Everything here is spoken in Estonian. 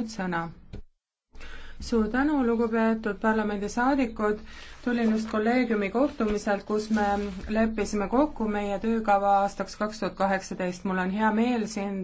nüüd sõna. suur tänu, lugupeetud parlamendisaadikud. tulin just kolleegiumi kohtumiselt, kus me leppisime kokku meie töökava aastaks kaks tuhat kaheksateist. mul on hea meel siin